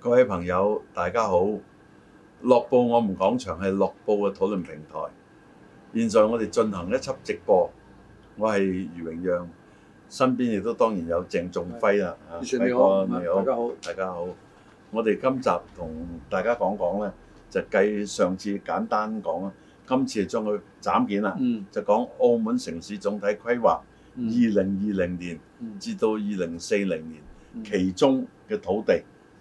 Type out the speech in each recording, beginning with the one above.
各位朋友，大家好！樂報我們講場係樂報嘅討論平台。現在我哋進行一輯直播。我係余榮陽，身邊亦都當然有鄭仲輝啦。你好，啊好啊，大家好，大家好。我哋今集同大家講講呢，就繼上次簡單講今次將佢斬件啦、嗯，就講澳門城市總體規劃。二零二零年至到二零四零年，其中嘅土地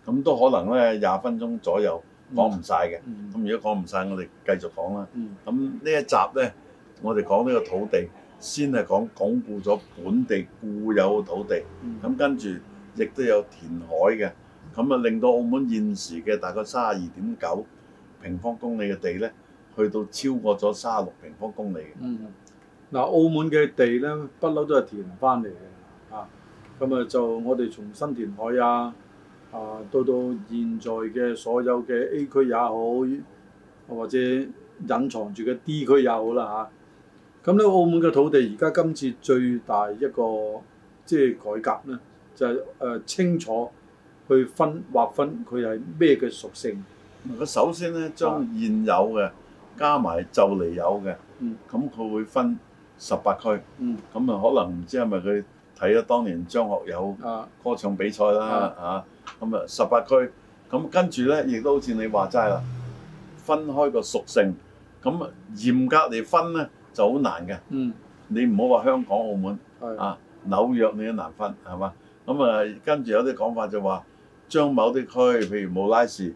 咁、嗯、都可能咧廿分鐘左右講唔晒嘅。咁、嗯嗯、如果講唔晒，我哋繼續講啦。咁、嗯、呢一集呢，我哋講呢個土地，先係講鞏固咗本地固有土地，咁跟住亦都有填海嘅，咁啊令到澳門現時嘅大概三十二點九平方公里嘅地呢。去到超過咗三十六平方公里嘅。嗯，嗱，澳門嘅地咧，不嬲都係填翻嚟嘅嚇。咁啊，那就我哋從新填海啊，啊，到到現在嘅所有嘅 A 區也好，或者隱藏住嘅 D 區也好啦嚇。咁、啊、咧，澳門嘅土地而家今次最大一個即係、就是、改革咧，就係、是、誒、啊、清楚去分劃分佢係咩嘅屬性。佢首先咧將現有嘅。啊加埋就嚟有嘅，咁佢會分十八區，咁、嗯、啊可能唔知係咪佢睇咗當年張學友歌唱比賽啦，咁啊，十八、啊、區，咁跟住呢，亦都好似你話齋啦，分開個屬性，咁嚴格嚟分呢就好難嘅、嗯，你唔好話香港澳門，啊紐約你都難分係嘛？咁啊跟住有啲講法就話將某啲區，譬如冇拉士。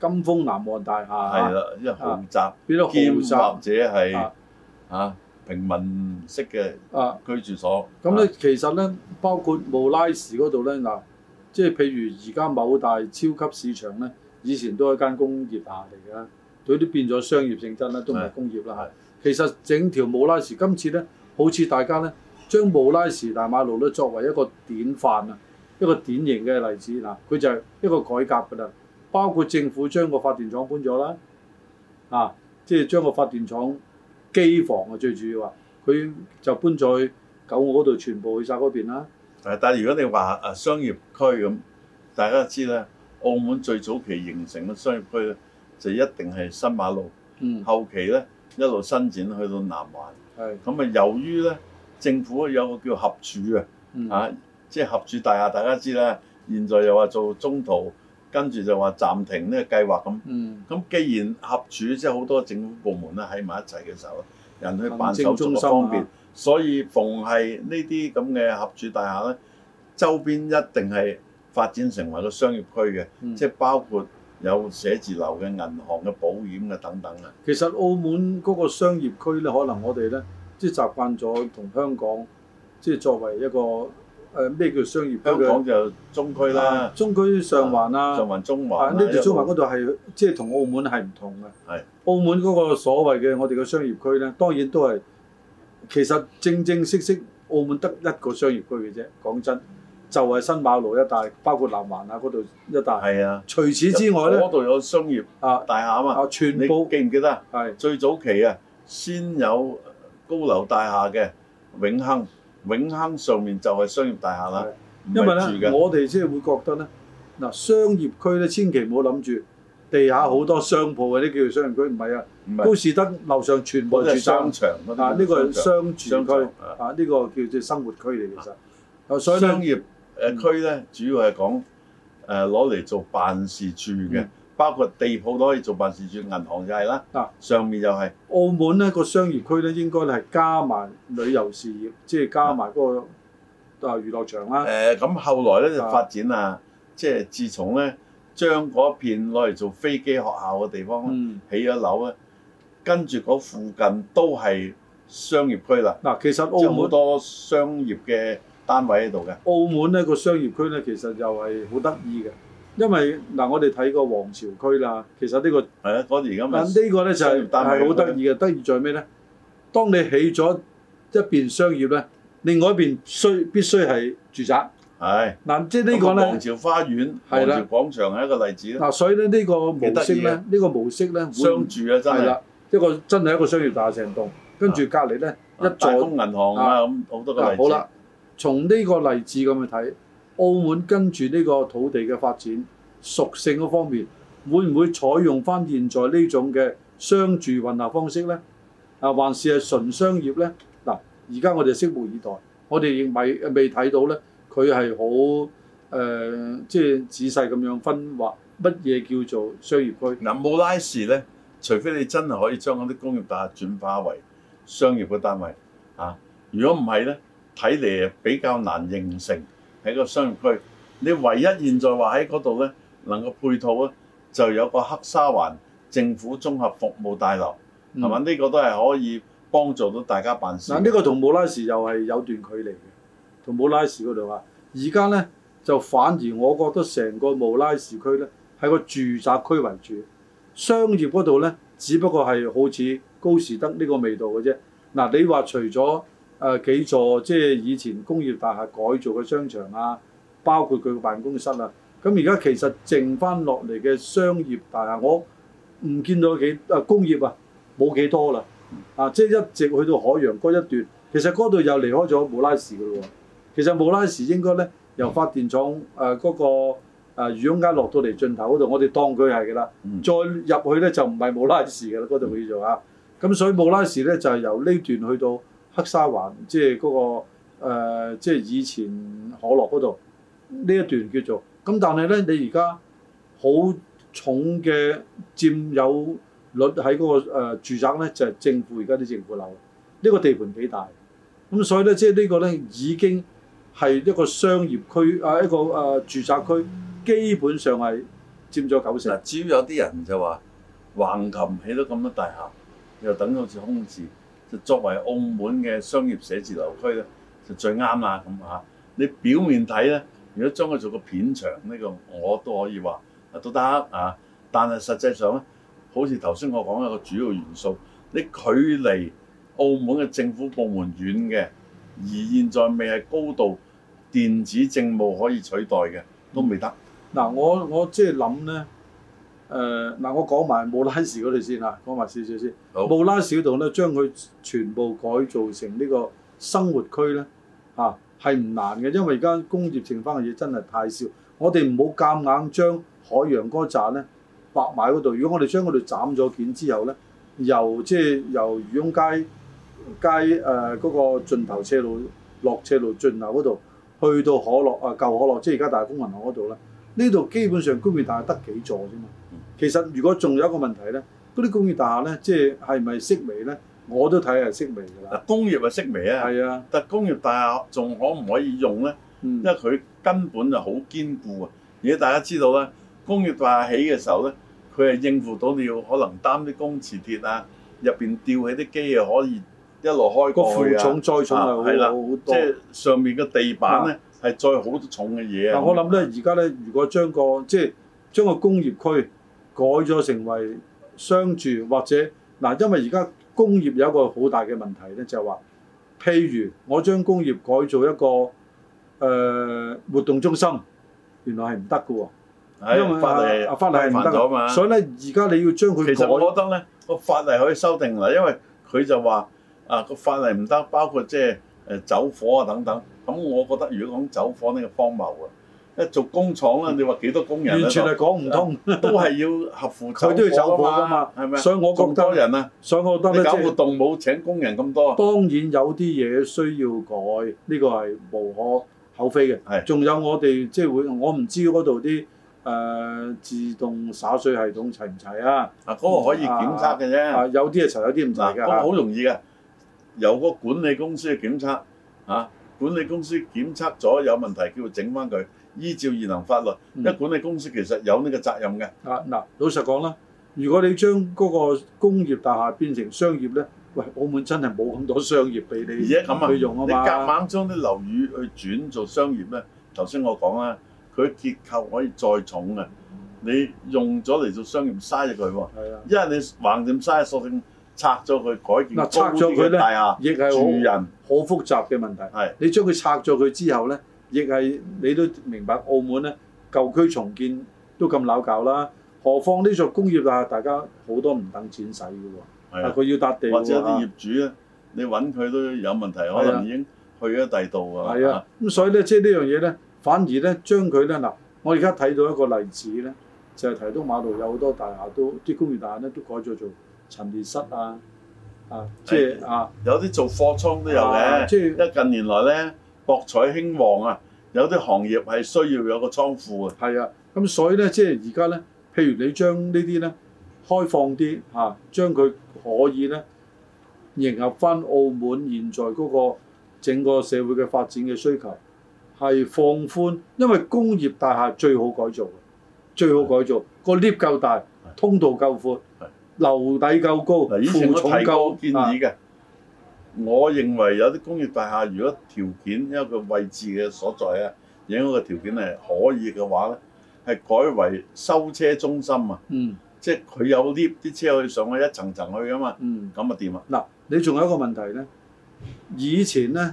金峰南岸大廈係啦，因為豪宅，變咗豪宅或者係嚇平民式嘅居住所。咁咧，啊啊啊啊、其實咧，包括慕拉士嗰度咧嗱，即係譬如而家某大超級市場咧，以前都係間工業下嚟嘅，佢都變咗商業性質啦，都唔係工業啦。係其實整條慕拉士今次咧，好似大家咧，將慕拉士大馬路咧作為一個典範啊，一個典型嘅例子嗱，佢、啊、就係一個改革㗎啦。包括政府將個發電廠搬咗啦，啊，即係將個發電廠機房啊，最主要啊，佢就搬咗去九澳嗰度，全部去晒嗰邊啦。但係如果你話誒商業區咁，大家知啦，澳門最早期形成嘅商業區就一定係新馬路。嗯。後期咧一路伸展去到南環。係。咁啊，由於咧政府有個叫合署啊，嚇、嗯，即係合署大廈，大家知啦，現在又話做中途。跟住就話暫停呢個計劃咁，咁、嗯、既然合署即係好多政府部門咧喺埋一齊嘅時候，人去辦手續方便，所以逢係呢啲咁嘅合署大廈咧，周邊一定係發展成為個商業區嘅，即、嗯、係、即係、包括有寫字樓嘅、銀行嘅、保險嘅等等啊。其實澳門嗰個商業區咧，可能我哋咧即係習慣咗同香港即係作為一個。誒咩叫商業區？香港就中區啦，中區上環啊，上環中環呢、啊、條、啊、中環嗰度係即係同澳門係唔同嘅。係澳門嗰個所謂嘅我哋嘅商業區咧、嗯，當然都係其實正正式式澳門得一個商業區嘅啫。講真，就係、是、新馬路一帶，包括南環啊嗰度一帶。係啊，除此之外咧，嗰度有商業啊大廈嘛啊嘛。啊，全部記唔記得？係最早期啊，先有高樓大廈嘅永亨。永亨上面就係商業大廈啦，因為咧我哋即係會覺得咧，嗱商業區咧千祈唔好諗住地下好多商鋪嗰啲叫做商業區，唔係啊，高士德樓上全部住的商場啊，呢個係商住、啊、商，商，商區商啊，呢、啊這個叫做生活區嚟其實，商業誒區咧、嗯、主要係講誒攞嚟做辦事處嘅。嗯包括地鋪都可以做辦事處，銀行就係啦。嗱、啊，上面又、就、係、係。澳門呢、呢個商業區咧，應該係加埋旅遊事業，啊、即係加埋嗰個啊娛樂場啦。誒、啊，咁、呃、後來咧就、啊、發展啊，即係自從咧將嗰片攞嚟做飛機學校嘅地方，起、嗯、咗樓咧，跟住嗰附近都係商業區啦。嗱、啊，其實澳門好多商業嘅單位喺度嘅。澳門呢、呢個商業區咧，其實又係好得意嘅。因為嗱、啊，我哋睇過皇朝區啦，其實呢、這個係啊，嗰陣而家但呢個咧就係好得意嘅，得意在咩咧？當你起咗一邊商業咧，另外一邊需必須係住宅。係嗱、啊，即係呢個咧，皇朝花園、皇朝廣場係一個例子嗱、啊，所以咧呢個模式咧，呢、這個、模式咧，相住啊，真係一、這個真係一個商業大城棟，跟住隔離咧一座通銀行啊咁好、啊、多個例子。啊、好啦，從呢個例子咁去睇。澳門跟住呢個土地嘅發展屬性嗰方面，會唔會採用翻現在呢種嘅商住混合方式呢？啊，還是係純商業呢？嗱，而家我哋拭目以待。我哋亦咪未睇到呢，佢係好誒，即係仔細咁樣分劃乜嘢叫做商業區。嗱，冇拉事呢，除非你真係可以將嗰啲工業大廈轉化為商業嘅單位啊！如果唔係呢，睇嚟比較難形成。喺個商業區，你唯一現在話喺嗰度呢，能夠配套呢，就有個黑沙環政府綜合服務大樓，係、嗯、嘛？呢個都係可以幫助到大家辦事、嗯。嗱，呢個同慕拉士又係有段距離嘅，同慕拉士嗰度話，而家呢，就反而我覺得成個慕拉士區呢，係個住宅區為主，商業嗰度呢，只不過係好似高士德呢個味道嘅啫。嗱、嗯，你話除咗誒、啊、幾座即係以前工業大廈改造嘅商場啊，包括佢嘅辦公室啊。咁而家其實剩翻落嚟嘅商業大廈，我唔見到幾、啊、工業啊，冇幾多啦。啊，即係一直去到海洋嗰一段，其實嗰度又離開咗慕拉士噶啦。其實慕拉士應該咧由發電廠嗰個誒漁翁街落到嚟盡頭嗰度，我哋當佢係噶啦。再入去咧就唔係慕拉士噶啦，嗰度叫做啊。咁所以慕拉士咧就係由呢段去到。啊黑沙環即係嗰、那個、呃、即係以前可樂嗰度呢一段叫做咁，那但係咧你而家好重嘅佔有率喺嗰、那個、呃、住宅咧，就係、是、政府而家啲政府樓，呢、這個地盤幾大，咁所以咧即係呢個咧已經係一個商業區啊、呃，一個誒、呃、住宅區基本上係佔咗九成、嗯。至於有啲人就話橫琴起得咁多大廈，又等好似空置。作為澳門嘅商業寫字樓區咧，就最啱啦。咁你表面睇咧，如果將佢做個片場呢、這個，我都可以話啊都得啊！但係實際上咧，好似頭先我講一個主要元素，你距離澳門嘅政府部門遠嘅，而現在未係高度電子政務可以取代嘅，都未得。嗱、嗯，我我即係諗咧。誒、呃、嗱，我講埋布拉士嗰度先嚇，講埋少少先。布拉士嗰度咧，將佢全部改造成呢個生活區咧，係、啊、唔難嘅，因為而家工業剩返嘅嘢真係太少。我哋唔好夾硬將海洋嗰扎咧白埋嗰度。如果我哋將嗰度斬咗件之後咧，由即係、就是、由漁翁街街誒嗰、呃那個盡頭斜路落斜路盡頭嗰度，去到可樂啊，舊可樂，即係而家大豐銀行嗰度啦。呢度基本上居民大得幾座啫嘛。其實如果仲有一個問題咧，嗰啲工業大廈咧，即係係咪式微咧？我都睇係式微㗎啦。工業係式微啊。係啊，但工業大廈仲可唔可以用咧、嗯？因為佢根本就好堅固啊！而家大家知道咧，工業大廈起嘅時候咧，佢係應付到你要可能擔啲鋼磁鐵啊，入邊吊起啲機啊，可以一路開蓋啊。個負重再重係會好多，即係上面嘅地板咧係再好重嘅嘢啊。啊我諗咧，而家咧，如果將個即係將個工業區改咗成為商住或者嗱、啊，因為而家工業有一個好大嘅問題咧，就係、是、話，譬如我將工業改做一個誒、呃、活動中心，原來係唔得嘅喎，因為阿阿法例係唔得嘛。所以咧，而家你要將佢改，其實我覺得咧個法例可以修訂啦，因為佢就話啊個法例唔得，包括即係誒走火啊等等。咁我覺得如果講走火呢個，荒謬啊！一做工廠啦，你話幾多工人？完全係講唔通，都係要合乎。佢 都要走火噶嘛，係咪？所以，我覺得咁多人啊，所以，我覺得你搞活動冇、就是、請工人咁多。當然有啲嘢需要改，呢、這個係無可厚非嘅。係。仲有我哋即係會，我唔知嗰度啲誒自動灑水系統齊唔齊啊、那個？啊，嗰、啊那個可以檢測嘅啫。有啲係齊，有啲唔齊㗎。嗰個好容易嘅，由個管理公司嘅檢測嚇，管理公司檢測咗有問題，叫整翻佢。依照二能法律，一管理公司其實有呢個責任嘅。啊，嗱，老實講啦，如果你將嗰個工業大廈變成商業咧，喂，澳門真係冇咁多商業俾你咁去用啊。你夾硬將啲樓宇去轉做商業咧，頭先我講啦，佢結構可以再重嘅，你用咗嚟做商業嘥咗佢喎。係啊，因為你橫掂嘥，索性拆咗佢改建。嗱，拆咗佢咧，亦係住人，好複雜嘅問題。係，你將佢拆咗佢之後咧。亦係你都明白，澳門咧舊區重建都咁扭舊啦，何況呢座工業大廈，大家好多唔等錢使㗎喎。啊，佢要搭地，或者啲業主咧，你揾佢都有問題，啊、我可能已經去咗第二度啊。係啊，咁、啊、所以咧，即、就、係、是、呢樣嘢咧，反而咧將佢咧嗱，我而家睇到一個例子咧，就係、是、提督馬路有好多大廈都啲工業大廈咧都改咗做陳列室啊，啊，即、就、係、是哎、啊，有啲做貨倉都有嘅，即、啊、係、就是、近年來咧。博彩興旺啊！有啲行業係需要有個倉庫啊。係啊，咁所以咧，即係而家咧，譬如你將這些呢啲咧開放啲嚇、啊，將佢可以咧迎合翻澳門現在嗰個整個社會嘅發展嘅需求，係放寬，因為工業大廈最好改造嘅，最好改造、嗰個 lift 夠大，通道夠闊，樓底夠高，負重夠建議嘅。我認為有啲工業大廈，如果條件因為個位置嘅所在啊，影響個條件係可以嘅話咧，係改為收車中心啊。嗯。即係佢有 lift 啲車可以上去，一層層去啊嘛。嗯。咁啊掂啊！嗱，你仲有一個問題咧，以前咧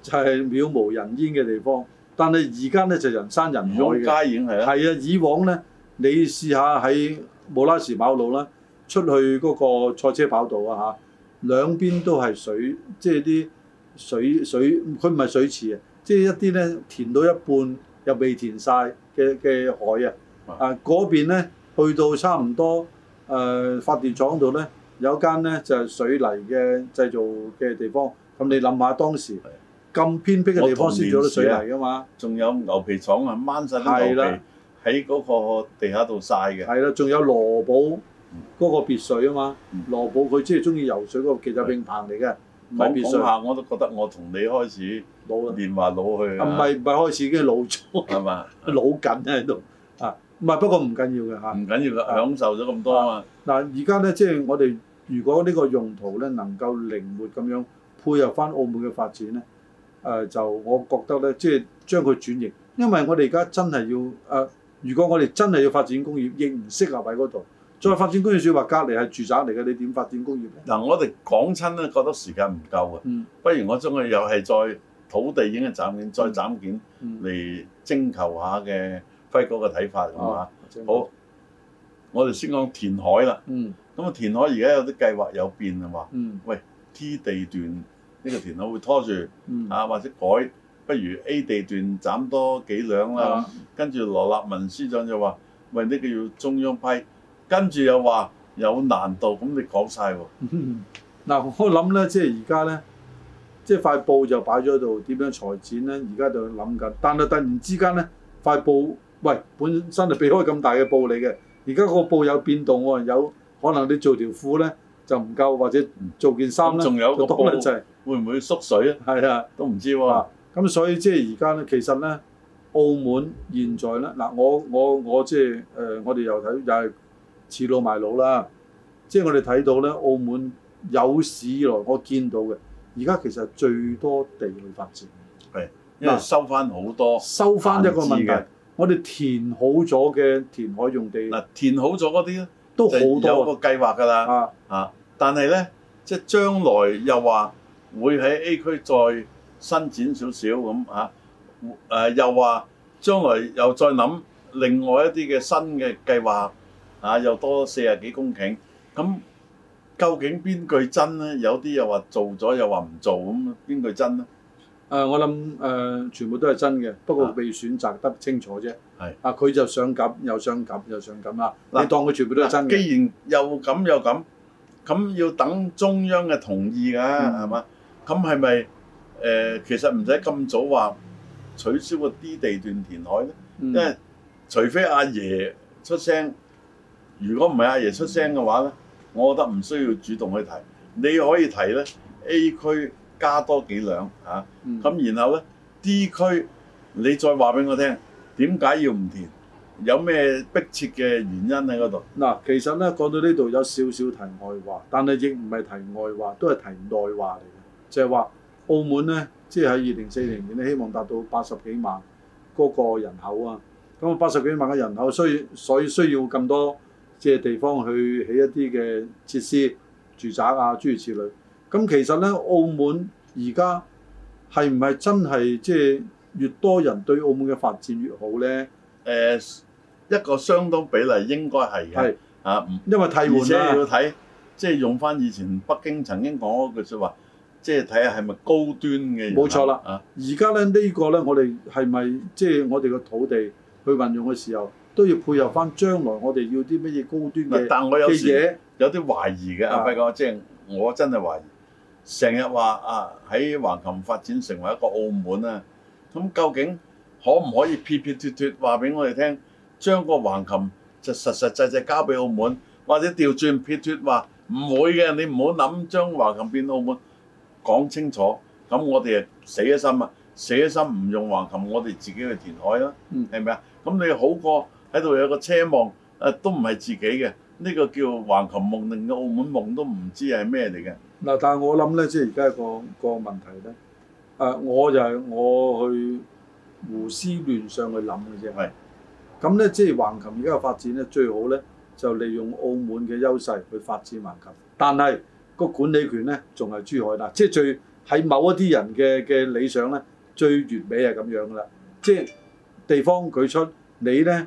就係、是、渺無人煙嘅地方，但係而家咧就是、人山人海嘅。鄉郊已經係啊。係啊，以往咧，你試下喺慕拉士馬路啦，出去嗰個賽車跑道啊嚇。兩邊都係水，即係啲水水，佢唔係水池啊，即係一啲咧填到一半又未填晒嘅嘅海啊。啊，嗰邊咧去到差唔多誒、呃、發電廠度咧，有間咧就係、是、水泥嘅製造嘅地方。咁、啊、你諗下當時咁偏僻嘅地方先做到水泥㗎嘛，仲有牛皮廠啊，掹晒啲牛皮喺嗰個地下度晒嘅。係啦，仲有羅寶。嗰、嗯，那個別墅啊嘛、嗯，羅布佢即係中意游水嗰個，其實泳棚嚟嘅，唔係別墅下。我都覺得我同你開始話老年華攞去，唔係唔係開始已經老咗，老係嘛，老緊喺度啊，唔係，不過唔緊要嘅吓，唔緊要嘅，享受咗咁多嘛啊嘛嗱，而家咧即係我哋如果呢個用途咧能夠靈活咁樣配合返澳門嘅發展咧，誒、啊、就我覺得咧即係將佢轉型，因為我哋而家真係要誒、啊，如果我哋真係要發展工業，亦唔適合喺嗰度。再發展工業區，話隔離係住宅嚟嘅，你點發展工業咧？嗱，我哋講親咧，覺得時間唔夠嘅、嗯，不如我將佢又係再土地應該斬件、嗯，再斬件嚟徵求下嘅輝哥嘅睇法咁、啊嗯、好，我哋先講填海啦。嗯，咁啊，填海而家有啲計劃有變啊嘛。嗯，喂，T 地段呢、呢個填海會拖住、嗯，啊或者改，不如 A 地段斬多幾兩啦。嗯、跟住羅立文司長就話，喂，呢個要中央批。跟住又話有難度，咁你講晒喎、哦。嗱、嗯，我諗咧，即係而家咧，即係塊布就擺咗喺度，點樣裁剪咧？而家就諗緊。但係突然之間咧，塊布喂本身就避開咁大嘅布嚟嘅，而家個布有變動喎、哦，有可能你做條褲咧就唔夠，或者做件衫仲、嗯、有個布就、就係、會唔會縮水咧？係啊，都唔知喎、哦。咁、啊、所以即係而家咧，其實咧，澳門現在咧，嗱、啊，我我我即係誒、呃，我哋又睇又係。倚老賣老啦，即係我哋睇到咧，澳門有史以來我見到嘅，而家其實最多地類發展係，因為收翻好多，收翻一個問題，我哋填好咗嘅填海用地，嗱，填好咗嗰啲咧都好多啊。有個計劃㗎啦啊，啊，但係咧，即係將來又話會喺 A 區再伸展少少咁啊，誒、呃、又話將來又再諗另外一啲嘅新嘅計劃。啊！又多四十幾公頃，咁究竟邊句真咧？有啲又話做咗，又話唔做，咁邊句真咧？誒、呃，我諗誒、呃，全部都係真嘅，不過被選擇得清楚啫。係啊，佢、啊、就想咁，又想咁，又想咁啦、啊。你當佢全部都係真嘅、啊？既然又咁又咁，咁要等中央嘅同意㗎、啊，係、嗯、嘛？咁係咪誒？其實唔使咁早話取消嗰啲地段填海咧、嗯，因為除非阿爺出聲。如果唔係阿爺出聲嘅話呢、嗯、我覺得唔需要主動去提。你可以提呢 A 區加多幾兩嚇，咁、嗯啊、然後呢 D 區你再話俾我聽點解要唔填，有咩逼切嘅原因喺嗰度？嗱、嗯，其實呢，講到呢度有少少題外話，但係亦唔係題外話，都係題內話嚟嘅，就係、是、話澳門呢，即係喺二零四零年呢希望達到八十幾萬嗰個人口啊。咁八十幾萬嘅人口所以,所以需要咁多。即係地方去起一啲嘅設施、住宅啊、諸如此類。咁其實咧，澳門而家係唔係真係即係越多人對澳門嘅發展越好咧？誒、呃，一個相當比例應該係嘅。係啊，因為替換啦。而且要睇，即係用翻以前北京曾經講嗰句説話，即係睇下係咪高端嘅。冇錯啦。啊，而家咧呢個咧，我哋係咪即係我哋個土地去運用嘅時候，都要配合翻，將來我哋要啲乜嘢高端嘅，但我有啲嘢，有啲懷疑嘅。阿輝哥，即係我真係懷疑，成日話啊喺橫琴發展成為一個澳門啊，咁究竟可唔可以撇撇脱脱話俾我哋聽，將個橫琴就實實際際交俾澳門，或者調轉撇脱話唔會嘅，你唔好諗將橫琴變澳門，講清楚。咁我哋啊死咗心啊，死咗心唔用橫琴，我哋自己去填海啦，係咪啊？咁你好過。喺度有個奢望，誒都唔係自己嘅，呢個叫橫琴夢令個澳門夢都唔知係咩嚟嘅。嗱，但係我諗咧，即係而家個個問題咧，誒我就係我去胡思亂想去諗嘅啫。係。咁咧，即係橫琴而家發展咧，最好咧就利用澳門嘅優勢去發展橫琴，但係個管理權咧仲係珠海。嗱，即係最喺某一啲人嘅嘅理想咧，最完美係咁樣噶啦，即係地方佢出你咧。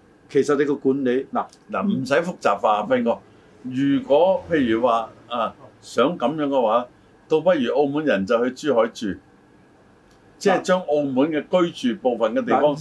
其實你個管理嗱嗱唔使複雜化，譬如我，如果譬如話啊，想咁樣嘅話，倒不如澳門人就去珠海住，即、啊、係、就是、將澳門嘅居住部分嘅地方，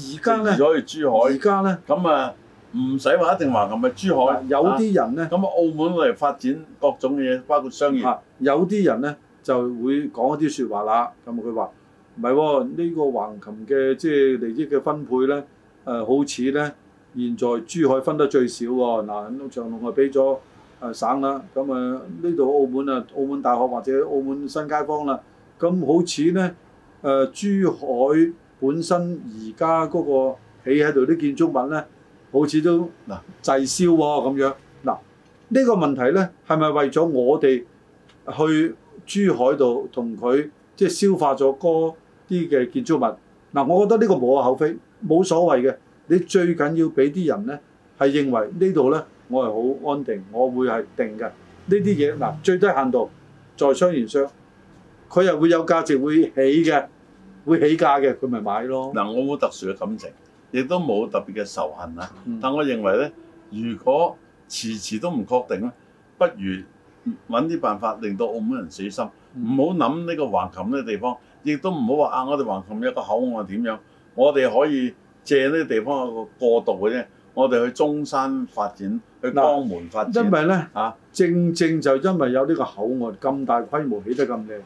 啊、住咗去珠海。而家咧，咁啊，唔使話一定話係咪珠海？啊、有啲人咧，咁、啊、澳門嚟發展各種嘅嘢，包括商業。啊、有啲人咧就會講一啲説話啦。咁佢話唔係喎，呢、哦呢個橫琴嘅即係利益嘅分配咧，誒、呃、好似咧。現在珠海分得最少喎、哦，嗱長隆啊俾咗誒省啦，咁誒呢度澳門啊澳門大學或者澳門新街坊啦，咁好似咧誒珠海本身而家嗰個起喺度啲建築物咧，好似都啊滯銷喎，咁樣，嗱呢個問題咧係咪為咗我哋去珠海度同佢即係消化咗多啲嘅建築物？嗱，我覺得呢個無可厚、厚非，冇所謂嘅。你最緊要俾啲人呢，係認為呢度呢，我係好安定，我會係定嘅。呢啲嘢嗱最低限度在商言商，佢又會有價值，會起嘅，會起價嘅，佢咪買咯。嗱，我冇特殊嘅感情，亦都冇特別嘅仇恨啊、嗯。但我認為呢，如果遲遲都唔確定咧，不如揾啲辦法令到澳門人死心，唔好諗呢個橫琴呢個地方，亦都唔好話啊！我哋橫琴嘅一個口岸點樣，我哋可以。借呢啲地方過渡嘅啫，我哋去中山發展，去江門發展。因為咧嚇、啊，正正就因為有呢個口岸咁大規模起得咁靚，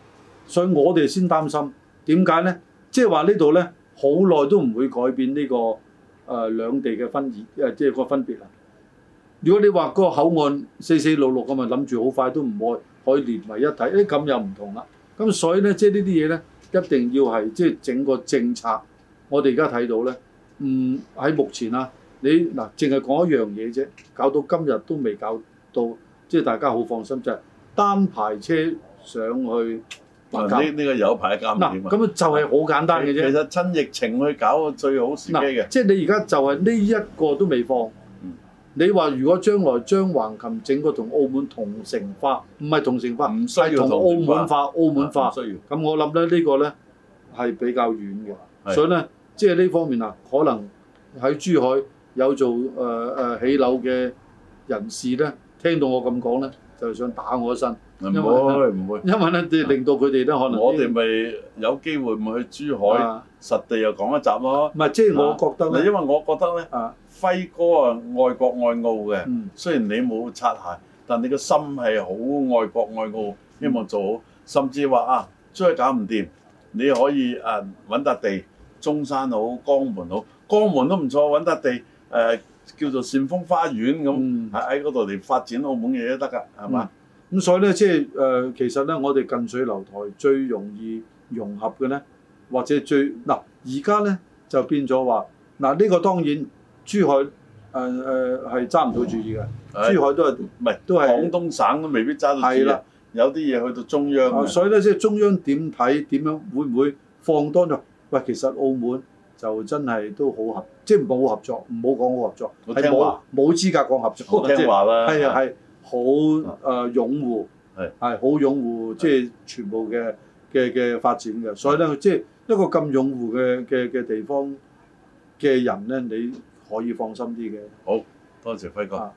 所以我哋先擔心點解咧？即係話呢度咧，好、就、耐、是、都唔會改變呢、這個誒、呃、兩地嘅分異，即、呃、係、這個分別啊！如果你話個口岸四四六六咁啊，諗住好快都唔會可以連為一體，誒、欸、咁又唔同啦。咁所以咧，即、就、係、是、呢啲嘢咧，一定要係即係整個政策。我哋而家睇到咧。唔、嗯、喺目前啊，你嗱淨係講一樣嘢啫，搞到今日都未搞到，即係大家好放心就係、是、單排車上去搞。呢、嗯、呢、這個有排監嗱咁就係好簡單嘅啫。其實趁疫情去搞個最好時機嘅、啊。即係你而家就係呢一個都未放。嗯、你話如果將來將橫琴整個同澳門同城化，唔係同城化，唔需要同,同澳門化、啊、澳門化。啊、需要咁我諗咧呢、這個咧係比較遠嘅，所以咧。即係呢方面啊，可能喺珠海有做誒誒、呃、起樓嘅人士咧，聽到我咁講咧，就想打我一身。唔會唔會，因為咧，令到佢哋咧，可能我哋咪有機會咪去珠海、啊、實地又講一集咯。唔係，即、就、係、是、我覺得咧、啊，因為我覺得咧、啊，輝哥啊，愛國愛澳嘅。嗯。雖然你冇刷鞋，但你個心係好愛國愛澳，希望做好，嗯、甚至話啊，再搞唔掂，你可以誒揾笪地。中山好，江門好，江門都唔錯，揾笪地，誒、呃、叫做善豐花園咁，喺喺嗰度嚟發展澳門嘢都得噶，係、嗯、嘛？咁、嗯、所以咧，即係誒，其實咧，我哋近水樓台最容易融合嘅咧，或者最嗱，而家咧就變咗話，嗱、啊、呢、呢個當然珠海誒誒係揸唔到主意嘅、哦，珠海都係唔係都係廣東省都未必揸到主意的的，有啲嘢去到中央、啊、所以咧即係中央點睇，點樣會唔會放多咗？喂，其實澳門就真係都好合，即係冇合作，唔好講好合作，係冇冇資格講合作。即係話啦，係啊係，好誒擁護，係係好擁護，即係、呃就是、全部嘅嘅嘅發展嘅，所以咧即係一個咁擁護嘅嘅嘅地方嘅人咧，你可以放心啲嘅。好多謝輝哥。